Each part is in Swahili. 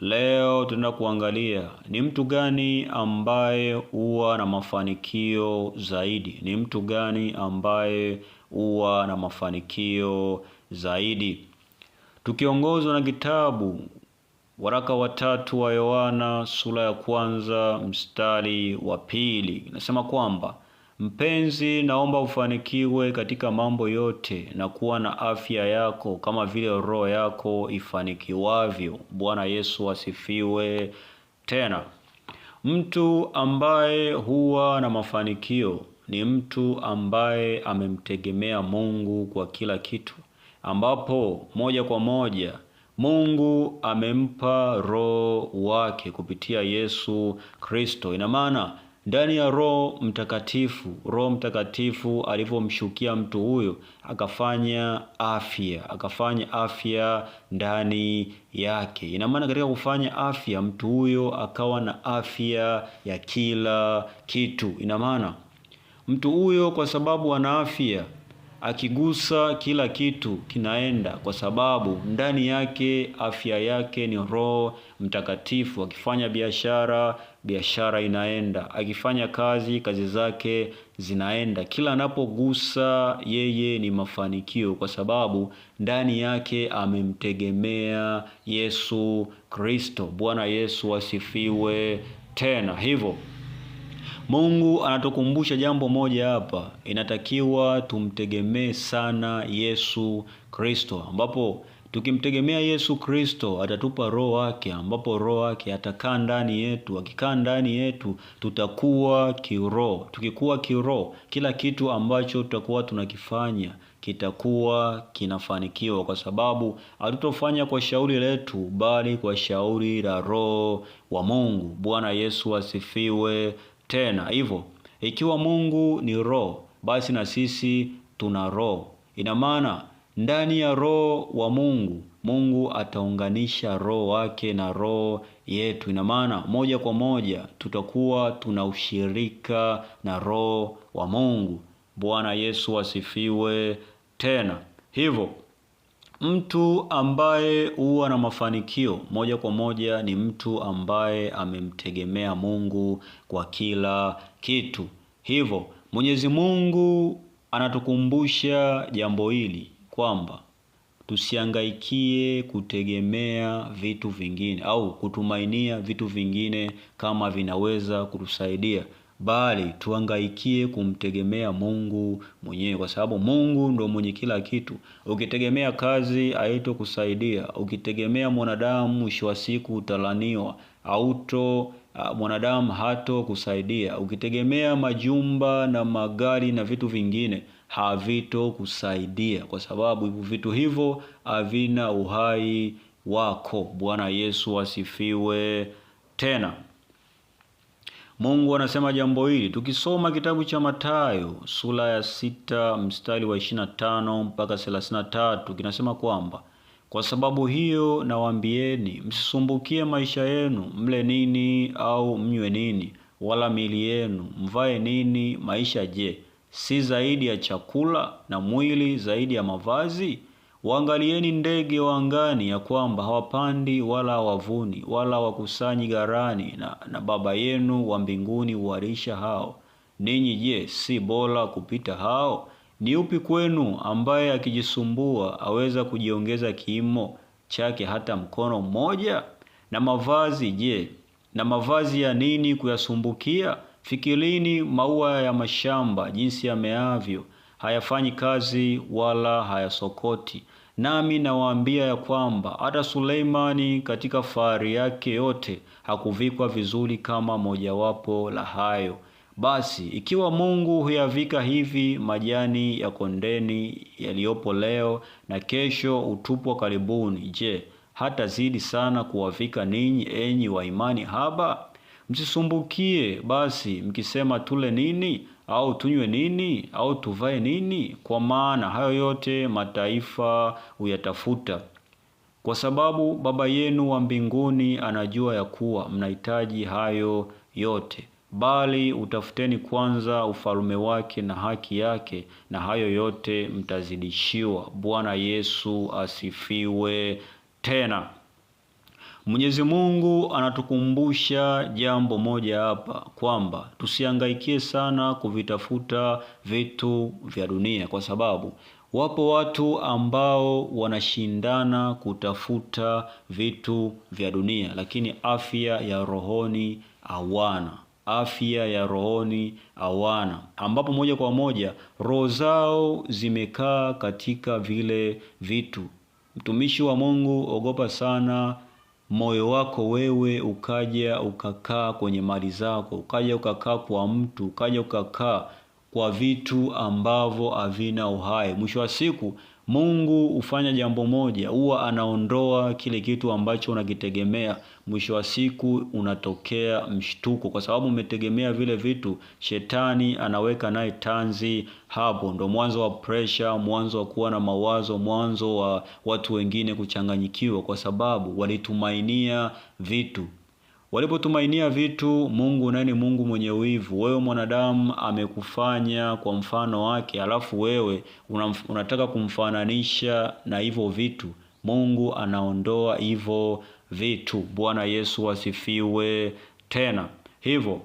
Leo tunataka kuangalia ni mtu gani ambaye huwa na mafanikio zaidi. Ni mtu gani ambaye huwa na mafanikio zaidi? Tukiongozwa na kitabu waraka wa tatu wa Yohana sura ya kwanza mstari wa pili, inasema kwamba Mpenzi, naomba ufanikiwe katika mambo yote na kuwa na afya yako kama vile roho yako ifanikiwavyo. Bwana Yesu asifiwe. Tena mtu ambaye huwa na mafanikio ni mtu ambaye amemtegemea Mungu kwa kila kitu, ambapo moja kwa moja Mungu amempa roho wake kupitia Yesu Kristo. Ina maana ndani ya Roho Mtakatifu. Roho Mtakatifu alivyomshukia mtu huyo, akafanya afya, akafanya afya ndani yake. Ina maana katika kufanya afya, mtu huyo akawa na afya ya kila kitu. Ina maana mtu huyo kwa sababu ana afya akigusa kila kitu kinaenda, kwa sababu ndani yake afya yake ni Roho Mtakatifu. Akifanya biashara biashara inaenda, akifanya kazi, kazi zake zinaenda. Kila anapogusa yeye ni mafanikio, kwa sababu ndani yake amemtegemea Yesu Kristo. Bwana Yesu asifiwe tena. Hivyo Mungu anatukumbusha jambo moja hapa, inatakiwa tumtegemee sana Yesu Kristo ambapo Tukimtegemea Yesu Kristo atatupa roho wake, ambapo roho wake atakaa ndani yetu. Akikaa ndani yetu, tutakuwa kiroho. Tukikuwa kiroho, kila kitu ambacho tutakuwa tunakifanya kitakuwa kinafanikiwa, kwa sababu hatutofanya kwa shauri letu, bali kwa shauri la Roho wa Mungu. Bwana Yesu asifiwe. Tena hivyo, ikiwa Mungu ni roho, basi na sisi tuna roho, ina maana ndani ya roho wa Mungu, Mungu ataunganisha roho wake na roho yetu. Ina maana moja kwa moja tutakuwa tuna ushirika na roho wa Mungu. Bwana Yesu asifiwe. Tena hivyo mtu ambaye huwa na mafanikio moja kwa moja ni mtu ambaye amemtegemea Mungu kwa kila kitu. Hivyo Mwenyezi Mungu anatukumbusha jambo hili kwamba tusiangaikie kutegemea vitu vingine au kutumainia vitu vingine kama vinaweza kutusaidia, bali tuangaikie kumtegemea Mungu mwenyewe, kwa sababu Mungu ndo mwenye kila kitu. Ukitegemea kazi kusaidia ukitegemea mwanadamu, mwisho wa siku utalaniwa auto mwanadamu hato kusaidia, ukitegemea majumba na magari na vitu vingine havitokusaidia kwa sababu vitu hivyo havina uhai wako. Bwana Yesu asifiwe. Tena Mungu anasema jambo hili tukisoma kitabu cha Mathayo sura ya sita mstari wa 25 mpaka 33, kinasema kwamba kwa sababu hiyo nawaambieni, msisumbukie maisha yenu, mle nini au mnywe nini, wala mili yenu mvae nini. Maisha je, si zaidi ya chakula na mwili zaidi ya mavazi? Waangalieni ndege wa angani, ya kwamba hawapandi wala hawavuni wala wakusanyi gharani, na, na Baba yenu wa mbinguni huwalisha hao. Ninyi je, si bora kupita hao? Ni upi kwenu ambaye akijisumbua aweza kujiongeza kiimo chake hata mkono mmoja? Na mavazi je, na mavazi ya nini kuyasumbukia? Fikirini maua ya mashamba jinsi yameavyo, hayafanyi kazi wala hayasokoti. Nami nawaambia ya kwamba hata Suleimani katika fahari yake yote hakuvikwa vizuri kama mojawapo la hayo. Basi ikiwa Mungu huyavika hivi majani ya kondeni yaliyopo leo na kesho utupwa karibuni, je, hata zidi sana kuwavika ninyi enyi wa imani haba? msisumbukie basi mkisema tule nini au tunywe nini au tuvae nini, kwa maana hayo yote mataifa huyatafuta, kwa sababu Baba yenu wa mbinguni anajua ya kuwa mnahitaji hayo yote. Bali utafuteni kwanza ufalume wake na haki yake, na hayo yote mtazidishiwa. Bwana Yesu asifiwe tena. Mwenyezi Mungu anatukumbusha jambo moja hapa kwamba tusihangaikie sana kuvitafuta vitu vya dunia, kwa sababu wapo watu ambao wanashindana kutafuta vitu vya dunia, lakini afya ya rohoni hawana afya ya rohoni hawana, ambapo moja kwa moja roho zao zimekaa katika vile vitu. Mtumishi wa Mungu, ogopa sana moyo wako wewe ukaja ukakaa kwenye mali zako, ukaja ukakaa kwa mtu, ukaja ukakaa kwa vitu ambavyo havina uhai. Mwisho wa siku Mungu hufanya jambo moja, huwa anaondoa kile kitu ambacho unakitegemea. Mwisho wa siku unatokea mshtuko, kwa sababu umetegemea vile vitu. Shetani anaweka naye tanzi, hapo ndo mwanzo wa pressure, mwanzo wa kuwa na mawazo, mwanzo wa watu wengine kuchanganyikiwa, kwa sababu walitumainia vitu Walipotumainia vitu, Mungu naye ni Mungu mwenye wivu, wewe mwanadamu amekufanya kwa mfano wake, alafu wewe unataka kumfananisha na hivyo vitu. Mungu anaondoa hivyo vitu. Bwana Yesu asifiwe. Tena hivyo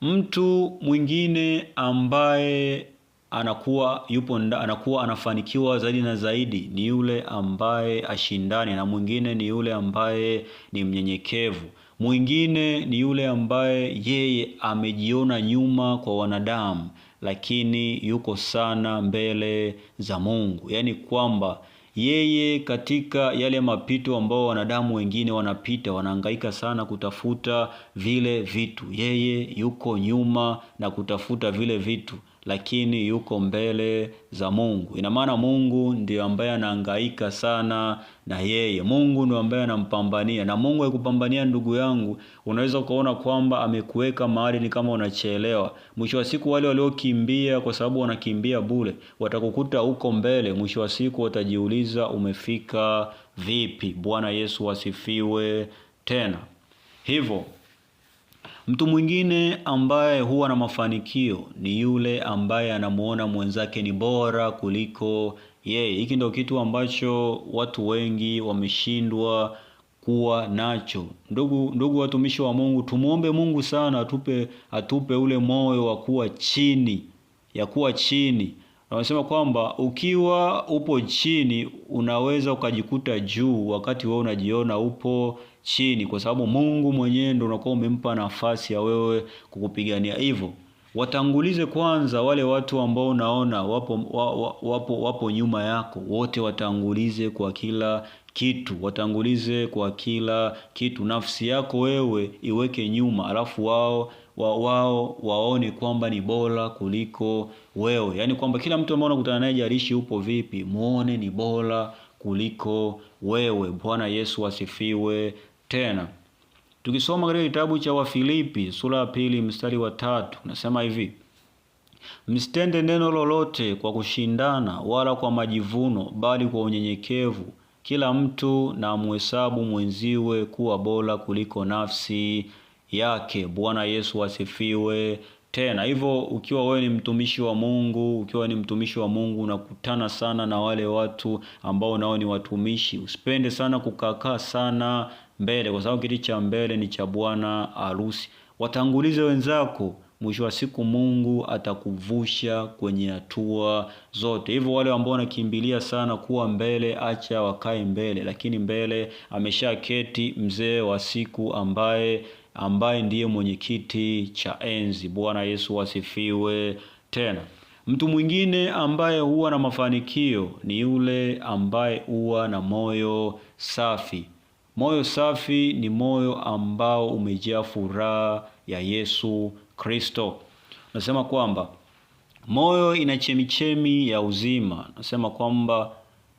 mtu mwingine ambaye anakuwa yupo anakuwa anafanikiwa zaidi na zaidi ni yule ambaye ashindani na mwingine, ni yule ambaye ni mnyenyekevu, mwingine ni yule ambaye yeye amejiona nyuma kwa wanadamu, lakini yuko sana mbele za Mungu, yaani kwamba yeye katika yale mapito ambao wanadamu wengine wanapita, wanahangaika sana kutafuta vile vitu, yeye yuko nyuma na kutafuta vile vitu lakini yuko mbele za Mungu. Ina maana Mungu ndiyo ambaye anahangaika sana na yeye. Mungu ndio ambaye anampambania, na Mungu akikupambania, ndugu yangu, unaweza ukaona kwamba amekuweka mahali ni kama unachelewa. Mwisho wa siku, wale waliokimbia kwa sababu wanakimbia bure watakukuta huko mbele. Mwisho wa siku watajiuliza umefika vipi? Bwana Yesu wasifiwe tena hivyo Mtu mwingine ambaye huwa na mafanikio ni yule ambaye anamuona mwenzake ni bora kuliko yeye. Hiki ndio kitu ambacho watu wengi wameshindwa kuwa nacho. Ndugu, ndugu watumishi wa Mungu, tumwombe Mungu sana atupe, atupe ule moyo wa kuwa chini ya kuwa chini. Wanasema kwamba ukiwa upo chini unaweza ukajikuta juu, wakati wewe unajiona upo chini, kwa sababu Mungu mwenyewe ndio unakuwa umempa nafasi ya wewe kukupigania hivyo watangulize kwanza wale watu ambao unaona wapo, wapo, wapo nyuma yako, wote watangulize kwa kila kitu, watangulize kwa kila kitu. Nafsi yako wewe iweke nyuma, alafu wao wa, wao waone kwamba ni bora kuliko wewe, yaani kwamba kila mtu ambaye unakutana naye, jarishi upo vipi, muone ni bora kuliko wewe. Bwana Yesu asifiwe. Tena tukisoma katika kitabu cha Wafilipi sura ya pili mstari wa tatu nasema hivi msitende neno lolote kwa kushindana wala kwa majivuno, bali kwa unyenyekevu kila mtu na muhesabu mwenziwe kuwa bora kuliko nafsi yake. Bwana Yesu asifiwe. Tena hivyo, ukiwa wewe ni mtumishi wa Mungu, ukiwa ni mtumishi wa Mungu unakutana sana na wale watu ambao nao ni watumishi. Usipende sana kukakaa sana mbele, kwa sababu kiti cha mbele ni cha bwana harusi. Watangulize wenzako, mwisho wa siku Mungu atakuvusha kwenye hatua zote. Hivyo wale ambao wanakimbilia sana kuwa mbele, acha wakae mbele, lakini mbele ameshaketi mzee wa siku ambaye ambaye ndiye mwenyekiti cha enzi. Bwana Yesu asifiwe. Tena mtu mwingine ambaye huwa na mafanikio ni yule ambaye huwa na moyo safi. Moyo safi ni moyo ambao umejaa furaha ya Yesu Kristo. Nasema kwamba moyo ina chemichemi ya uzima. Nasema kwamba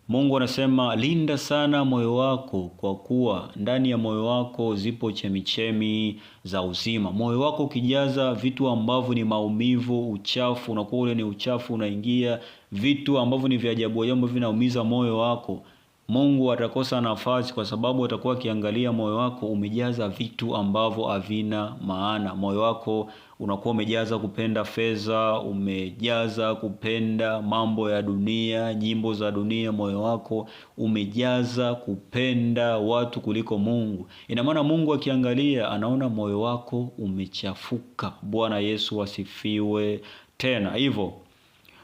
Mungu anasema linda sana moyo wako, kwa kuwa ndani ya moyo wako zipo chemichemi za uzima. Moyo wako ukijaza vitu ambavyo ni maumivu, uchafu, unakuwa ule ni uchafu, unaingia vitu ambavyo ni vya ajabu ajabu, vinaumiza moyo wako Mungu atakosa nafasi kwa sababu atakuwa akiangalia moyo wako umejaza vitu ambavyo havina maana. Moyo wako unakuwa umejaza kupenda fedha, umejaza kupenda mambo ya dunia, nyimbo za dunia. Moyo wako umejaza kupenda watu kuliko Mungu. Ina maana Mungu akiangalia, anaona moyo wako umechafuka. Bwana Yesu asifiwe. Tena hivyo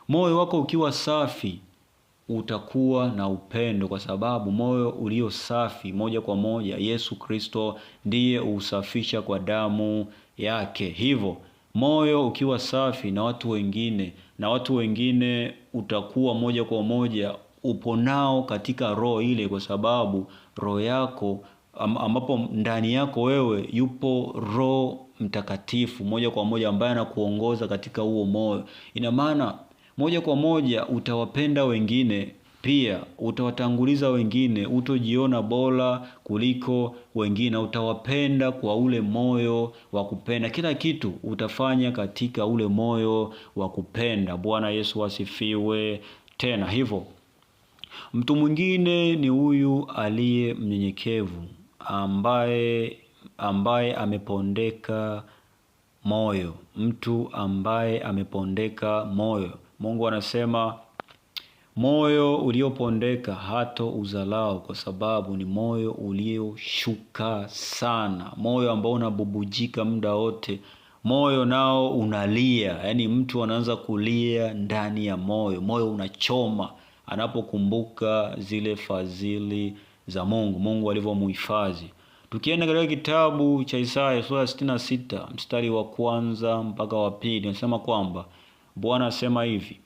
moyo wako ukiwa safi utakuwa na upendo, kwa sababu moyo ulio safi, moja kwa moja, Yesu Kristo ndiye usafisha kwa damu yake. Hivyo moyo ukiwa safi na watu wengine na watu wengine, utakuwa moja kwa moja upo nao katika roho ile, kwa sababu roho yako ambapo ndani yako wewe yupo Roho Mtakatifu moja kwa moja ambaye anakuongoza katika huo moyo. Ina maana moja kwa moja utawapenda wengine pia utawatanguliza wengine, utojiona bora kuliko wengine, utawapenda kwa ule moyo wa kupenda. Kila kitu utafanya katika ule moyo wa kupenda. Bwana Yesu asifiwe. Tena hivyo, mtu mwingine ni huyu aliye mnyenyekevu, ambaye ambaye amepondeka moyo, mtu ambaye amepondeka moyo Mungu anasema moyo uliopondeka hato uzalao, kwa sababu ni moyo ulioshuka sana, moyo ambao unabubujika muda wote, moyo nao unalia. Yaani mtu anaanza kulia ndani ya moyo, moyo unachoma anapokumbuka zile fadhili za Mungu, Mungu alivyomuhifadhi. Tukienda katika kitabu cha Isaya sura 66 mstari wa kwanza mpaka wa pili, anasema kwamba Bwana asema hivi: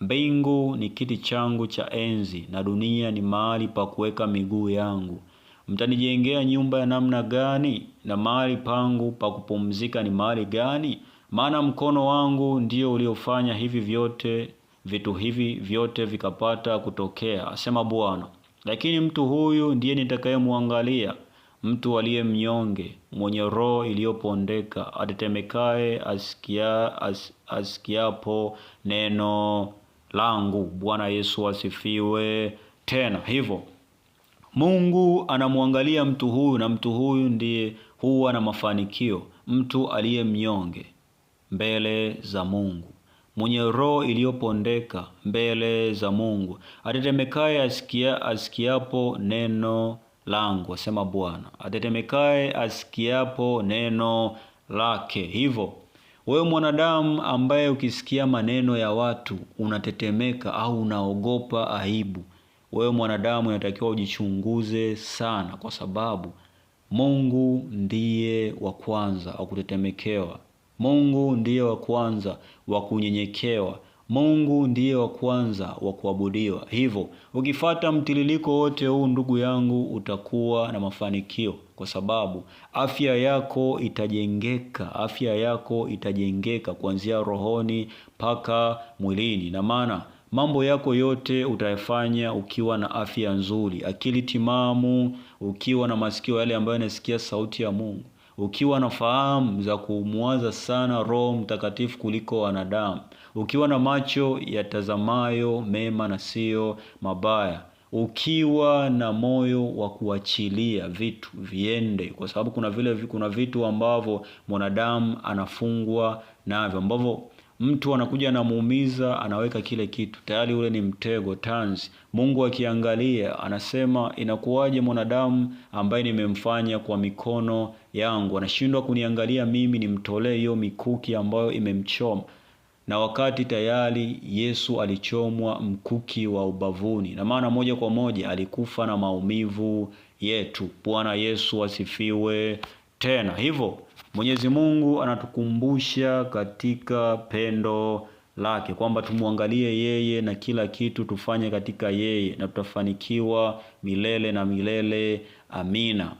mbingu ni kiti changu cha enzi na dunia ni mahali pa kuweka miguu yangu. Mtanijengea nyumba ya namna gani? Na mahali pangu pa kupumzika ni mahali gani? Maana mkono wangu ndio uliofanya hivi vyote, vitu hivi vyote vikapata kutokea, asema Bwana. Lakini mtu huyu ndiye nitakayemwangalia, mtu aliye mnyonge, mwenye roho iliyopondeka, atetemekaye asikia as, asikiapo neno langu. Bwana Yesu asifiwe. Tena hivyo Mungu anamwangalia mtu huyu, na mtu huyu ndiye huwa na mafanikio, mtu aliye mnyonge mbele za Mungu, mwenye roho iliyopondeka mbele za Mungu, atetemekaye asikia, asikiapo neno langu, asema Bwana, atetemekaye asikiapo neno lake. Hivyo wewe mwanadamu ambaye ukisikia maneno ya watu unatetemeka au unaogopa aibu, wewe mwanadamu unatakiwa ujichunguze sana, kwa sababu Mungu ndiye wa kwanza wa kutetemekewa. Mungu ndiye wa kwanza wa kunyenyekewa. Mungu ndiye wa kwanza wa kuabudiwa. Hivyo ukifata mtiririko wote huu, ndugu yangu, utakuwa na mafanikio, kwa sababu afya yako itajengeka. Afya yako itajengeka kuanzia rohoni mpaka mwilini, na maana mambo yako yote utayafanya ukiwa na afya nzuri, akili timamu, ukiwa na masikio yale ambayo yanasikia sauti ya Mungu ukiwa na fahamu za kumwaza sana Roho Mtakatifu kuliko wanadamu, ukiwa na macho yatazamayo mema na siyo mabaya, ukiwa na moyo wa kuachilia vitu viende, kwa sababu kuna vile kuna vitu ambavyo mwanadamu anafungwa navyo ambavyo mtu anakuja anamuumiza, anaweka kile kitu tayari, ule ni mtego tanzi. Mungu akiangalia anasema, inakuwaje mwanadamu ambaye nimemfanya kwa mikono yangu, anashindwa kuniangalia mimi nimtolee hiyo mikuki ambayo imemchoma, na wakati tayari Yesu alichomwa mkuki wa ubavuni, na maana moja kwa moja alikufa na maumivu yetu. Bwana Yesu asifiwe. Tena hivyo Mwenyezi Mungu anatukumbusha katika pendo lake kwamba tumwangalie yeye na kila kitu tufanye katika yeye, na tutafanikiwa milele na milele. Amina.